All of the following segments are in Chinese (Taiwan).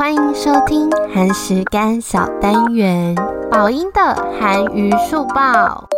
歡迎收聽韓食柑小單元，飽英的韓娛速報。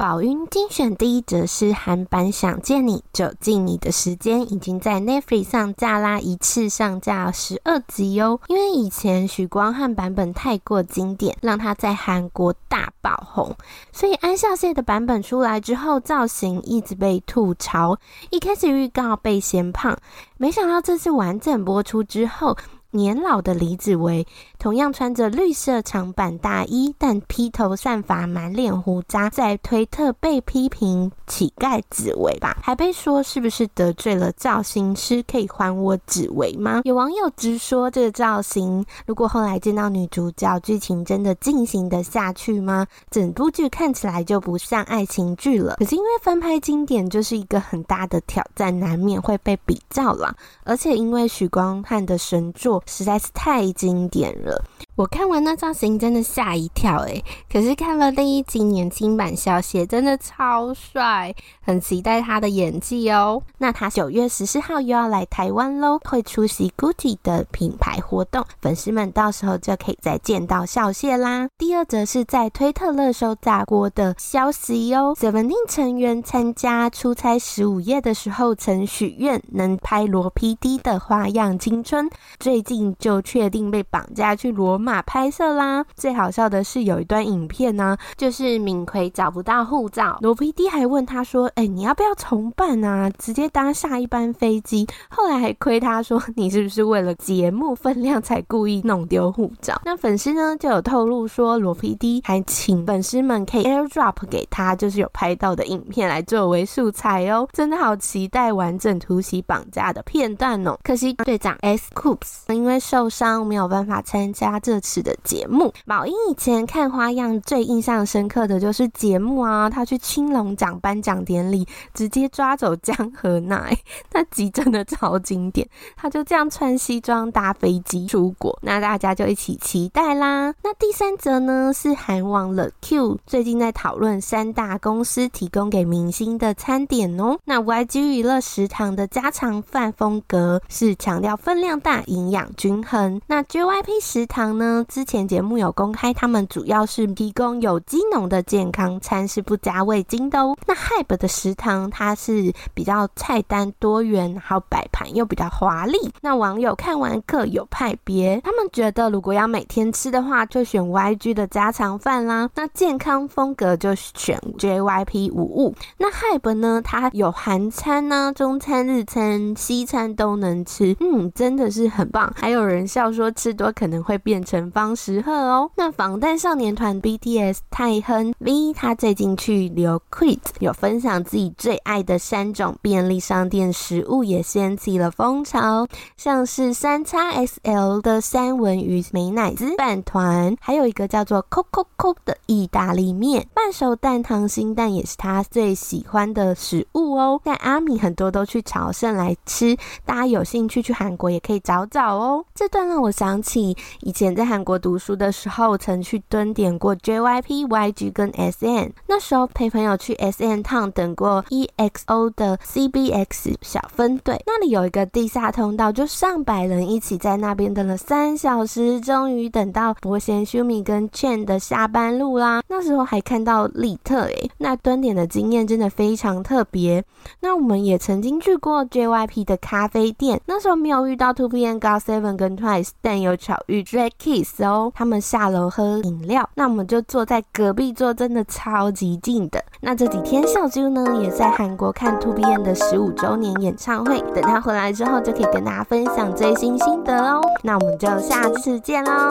寶雲精選第一則是韓版《想見你》，走進你的時間已經在 Netflix 上架啦，一次上架十二集哦。因為以前許光漢版本太過經典，讓他在韓國大爆紅，所以安孝燮的版本出來之後，造型一直被吐槽。一開始預告被嫌胖，沒想到這次完整播出之後，年老的李子維同樣穿着綠色長版大衣，但披頭散髮、滿臉鬍渣，在推特被批評“乞丐子維”吧，還被說是不是得罪了造型師？可以還我子維嗎？有網友直說這個造型，如果後來見到女主角，劇情真的進行得下去嗎？整部劇看起來就不像愛情劇了。可是因為翻拍經典就是一個很大的挑戰，難免會被比較了，而且因為許光漢的神作。實在是太經典了。我看完那造型真的嚇一跳誒、欸，可是看了另一集年輕版小燮真的超帥，很期待他的演技哦、喔。那他九月十四號又要來台灣嘍，會出席 GUCCI 的品牌活動，粉絲們到時候就可以再見到小燮啦。第二則是在推特熱搜炸鍋的消息喲、喔，SEVENTEEN 成員參加出差十五夜的時候曾許願能拍羅 PD 的花樣青春，最近就確定被綁架去羅馬拍攝啦！最好笑的是有一段影片呢、啊，就是敏奎找不到護照，羅 PD 還問他說：“哎、欸，你要不要重辦啊？直接搭下一班飛機。”後來還虧他說：“你是不是為了節目分量才故意弄丟護照？”那粉絲呢就有透露說，羅 PD 還請粉絲們可以 airdrop 給他，就是有拍到的影片來作為素材哦。真的好期待完整突襲綁架的片段哦！可惜隊長 S Coops 因為受傷沒有辦法參加。這次的節目，飽英以前看花樣最印象深刻的就是節目啊，他去青龍獎頒獎典禮，直接抓走姜河那， 那集真的超經典。他就這樣穿西裝搭飛機出國，那大家就一起期待啦。那第三則呢，是韓網冷 Q 最近在討論三大公司提供給明星的餐點哦、喔。那 YG 娛樂食堂的家常飯風格是強調分量大、營養均衡。那 JYP 食堂呢呢？之前節目有公開，他們主要是提供有機農的健康餐，是不加味精的哦。那 HYBE 的食堂它是比較菜單多元，還有擺盤又比較華麗。那網友看完各有派別，他們覺得如果要每天吃的話，就選 YG 的家常飯啦。那健康風格就選 JYP 五物。那 HYBE 呢？它有韓餐、啊、呢中餐、日餐、西餐都能吃，嗯，真的是很棒。還有人笑說，吃多可能會變成成方十赫哦。那防彈少年團 BTS 泰亨 V，他最近去留 Quid 有分享自己最愛的三種便利商店食物，也掀起了風潮，像是三叉 SL 的三文魚美乃滋飯糰，還有一個叫做 Cook Cook Cook 的意大利麵，半熟蛋溏心蛋也是他最喜歡的食物哦。那阿米很多都去朝聖來吃，大家有興趣去韓國也可以找找哦。這段讓我想起以前。在韓國讀書的時候，曾去蹲點過 JYP、YG 跟 SM。那時候陪朋友去 SM Town 等過 EXO 的 CBX 小分隊，那裡有一個地下通道，就上百人一起在那邊等了三小時，終於等到伯賢、秀敏跟 Chen 的下班路啦。那時候還看到利特，欸，那蹲點的經驗真的非常特別。那我們也曾經去過 JYP 的咖啡店，那時候沒有遇到 2PM、GOT7 跟 Twice，但有巧遇 Drake。哦，他們下樓喝飲料，那我們就坐在隔壁坐，真的超級近的。那這幾天笑啾呢也在韓國看 2PM 的十五週年演唱會，等他回來之後就可以跟大家分享最新心得哦。那我們就下次見嘍。